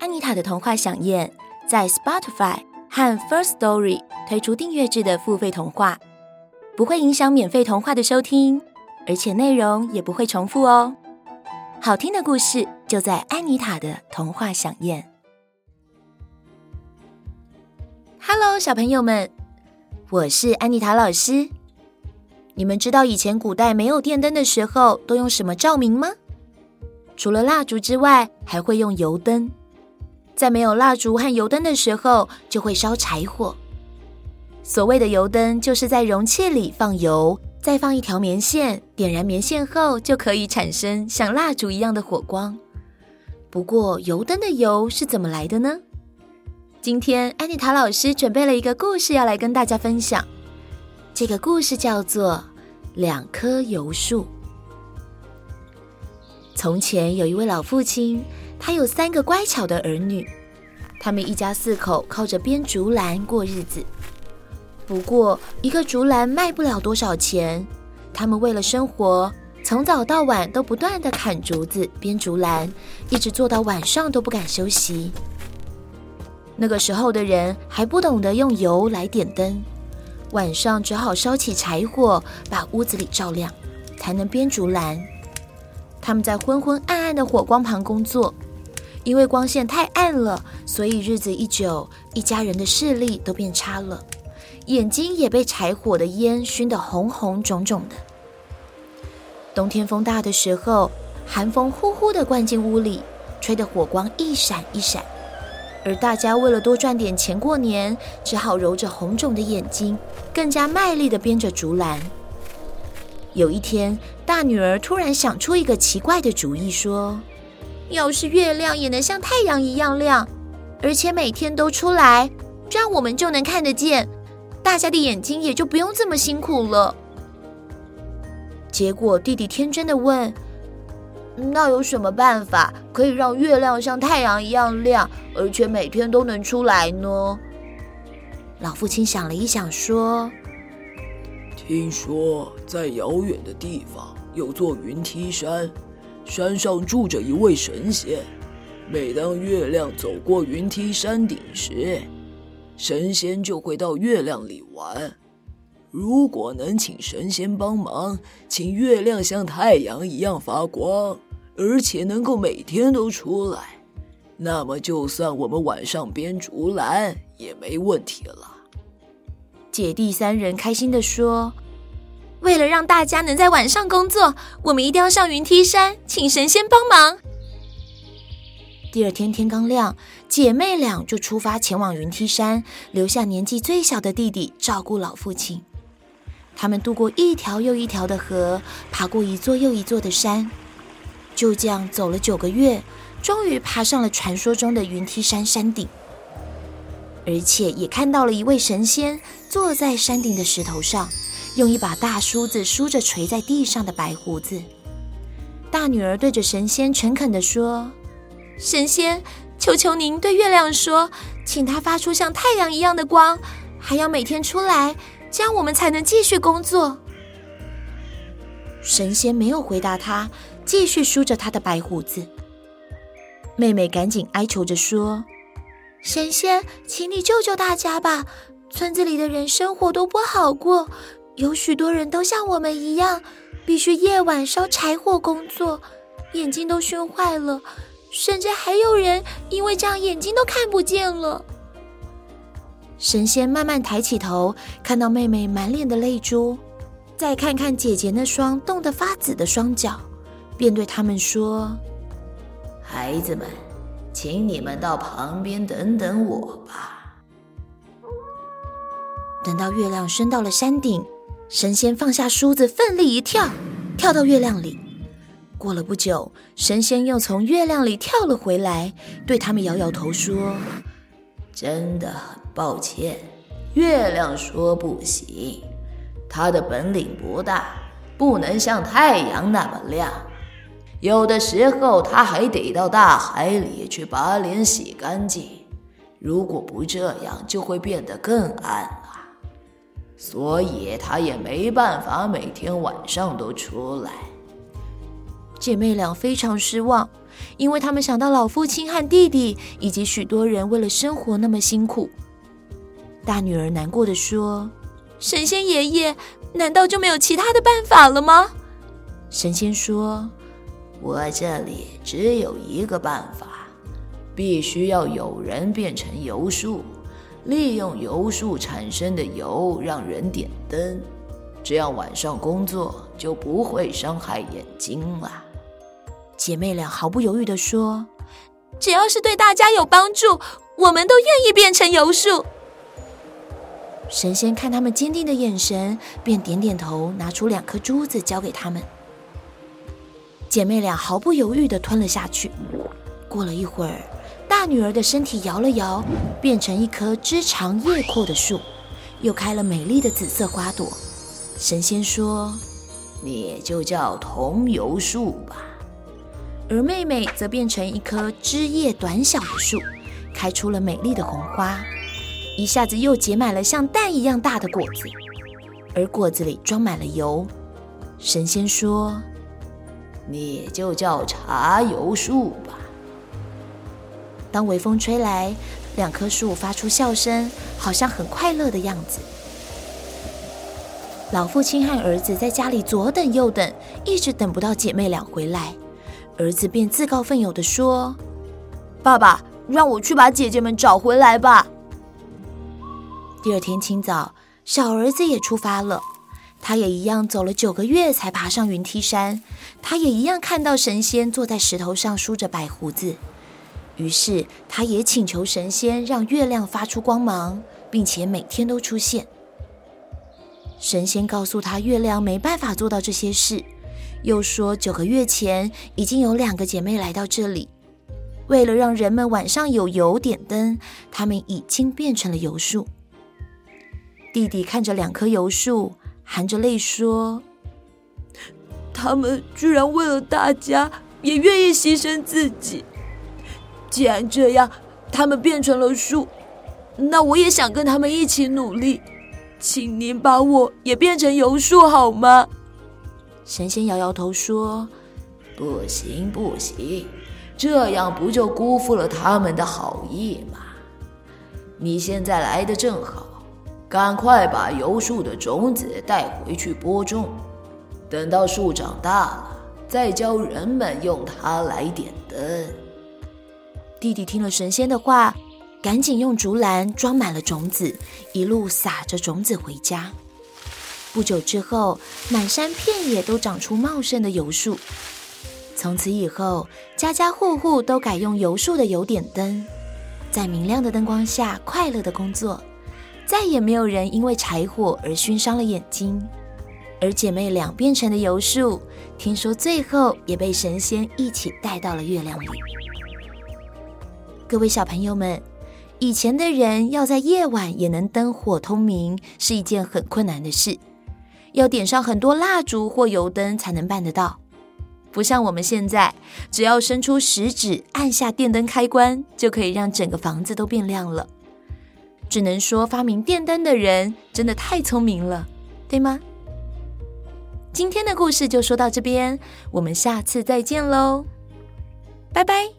安妮塔的童話饗宴在 Spotify 和 Firstory 推出訂閱制的付費童話，不會影響免費童話的收聽，而且內容也不會重複哦。好聽的故事就在安妮塔的童話饗宴。Hello，小朋友們，我是安妮塔老師。你們知道以前古代沒有電燈的時候都用什麼照明嗎？除了蠟燭之外，還會用油燈。在沒有蠟燭和油燈的時候，就會燒柴火。所謂的油燈，就是在容器裡放油，再放一條棉線，點燃棉線後，就可以產生像蠟燭一樣的火光。不過，油燈的油是怎麼來的呢？今天，安妮塔老師準備了一個故事要來跟大家分享。這個故事叫做《兩棵油樹》。從前有一位老父親，他有三個乖巧的兒女。他們一家四口靠着編竹籃過日子，不過一個竹籃賣不了多少錢。他們為了生活，從早到晚都不斷的砍竹子、編竹籃，一直做到晚上都不敢休息。那個時候的人還不懂得用油來點燈，晚上只好燒起柴火，把屋子裡照亮，才能編竹籃。他們在昏昏暗暗的火光旁工作，因為光線太暗了，所以日子一久，一家人的視力都變差了，眼睛也被柴火的煙熏得紅紅腫腫的。冬天風大的時候，寒風呼呼地灌進屋裡，吹得火光一閃一閃。而大家為了多賺點錢過年，只好揉着紅腫的眼睛，更加賣力地編着竹籃。有一天，大女兒突然想出一個奇怪的主意，說：要是月亮也能像太陽一樣亮，而且每天都出來，這樣我們就能看得見，大家的眼睛也就不用這麼辛苦了。結果弟弟天真的問：“那有什麼辦法可以讓月亮像太陽一樣亮，而且每天都能出來呢？”老父親想了一想說：“聽說在遙遠的地方有座雲梯山。”山上住着一位神仙，每當月亮走過雲梯山頂時，神仙就會到月亮裡玩。如果能請神仙幫忙，請月亮像太陽一樣發光，而且能夠每天都出來，那麼就算我們晚上編竹籃也沒問題了。姐弟三人開心地說。為了讓大家能在晚上工作，我們一定要上雲梯山，請神仙幫忙。第二天天剛亮，姐妹倆就出發前往雲梯山，留下年紀最小的弟弟照顧老父親。他們渡過一條又一條的河，爬過一座又一座的山，就這樣走了九個月，終於爬上了傳說中的雲梯山山頂，而且也看到了一位神仙坐在山頂的石頭上，用一把大梳子梳着垂在地上的白鬍子，大女兒對着神仙誠懇地說：“神仙，求求您對月亮說，請他發出像太陽一樣的光，還要每天出來，這樣我們才能繼續工作。”神仙沒有回答她，繼續梳着他的白鬍子。妹妹趕緊哀求着說：“神仙，請你救救大家吧，村子裡的人生活都不好過。”有許多人都像我們一樣，必須夜晚燒柴火工作，眼睛都燻壞了，甚至還有人因為這樣眼睛都看不見了。神仙慢慢抬起頭，看到妹妹滿臉的淚珠，再看看姐姐那雙凍得發紫的雙腳，便對他們說：“孩子們，請你們到旁邊等等我吧。”等到月亮升到了山頂。神仙放下梳子，奮力一跳，跳到月亮裡。過了不久，神仙又從月亮裡跳了回來，對他們搖搖頭說：“真的很抱歉。”月亮說：“不行，它的本領不大，不能像太陽那麼亮。有的時候，它還得到大海裡去把臉洗乾淨。如果不這樣，就會變得更暗。”所以他也沒辦法每天晚上都出來。姐妹倆非常失望，因為他們想到老父親和弟弟，以及許多人為了生活那麼辛苦。大女兒難過地說：“神仙爺爺，難道就沒有其他的辦法了嗎？”神仙說：“我這裡只有一個辦法，必須要有人變成油樹。”利用油樹產生的油讓人點燈，這樣晚上工作就不會傷害眼睛了。姐妹倆毫不猶豫的說：“只要是對大家有幫助，我們都願意變成油樹。”神仙看他們堅定的眼神，便點點頭，拿出兩顆珠子交給他們。姐妹倆毫不猶豫的吞了下去。過了一會兒，大女兒的身體搖了搖，變成一棵枝長葉闊的樹，又開了美麗的紫色花朵。神仙說：“你就叫桐油樹吧。”而妹妹則變成一棵枝葉短小的樹，開出了美麗的紅花，一下子又結滿了像蛋一樣大的果子，而果子裡裝滿了油。神仙說：“你就叫茶油樹吧。”當微風吹來，兩棵樹發出笑聲，好像很快樂的樣子。老父親和兒子在家裡左等右等，一直等不到姐妹倆回來，兒子便自告奮勇地說：“爸爸，讓我去把姐姐們找回來吧。”第二天清早，小兒子也出發了，他也一樣走了九個月才爬上雲梯山，他也一樣看到神仙坐在石頭上，梳着白鬍子。於是，他也請求神仙讓月亮發出光芒，並且每天都出現。神仙告訴他，月亮沒辦法做到這些事，又說九個月前已經有兩個姐妹來到這裡，為了讓人們晚上有油點燈，他們已經變成了油樹。弟弟看着兩棵油樹，含着淚說：“他們居然為了大家，也願意犧牲自己。”既然這樣，他們變成了樹，那我也想跟他們一起努力，請您把我也變成油樹好嗎？神仙搖搖頭說：“不行，不行，這樣不就辜負了他們的好意嗎？你現在來得正好，趕快把油樹的種子帶回去播種，等到樹長大了，再教人們用它來點燈。”弟弟聽了神仙的話，趕緊用竹籃裝滿了種子，一路撒着種子回家。不久之後，滿山遍野都長出茂盛的油樹。從此以後，家家戶戶都改用油樹的油點燈，在明亮的燈光下快樂地工作，再也沒有人因為柴火而燻傷了眼睛。而姐妹倆變成的油樹，聽說最後也被神仙一起帶到了月亮裡。各位小朋友們，以前的人要在夜晚也能燈火通明是一件很困難的事，要點上很多蠟燭或油燈才能辦得到。不像我們現在，只要伸出食指按下電燈開關，就可以讓整個房子都變亮了。只能說發明電燈的人真的太聰明了，對嗎？今天的故事就說到這邊，我們下次再見嘍，拜拜。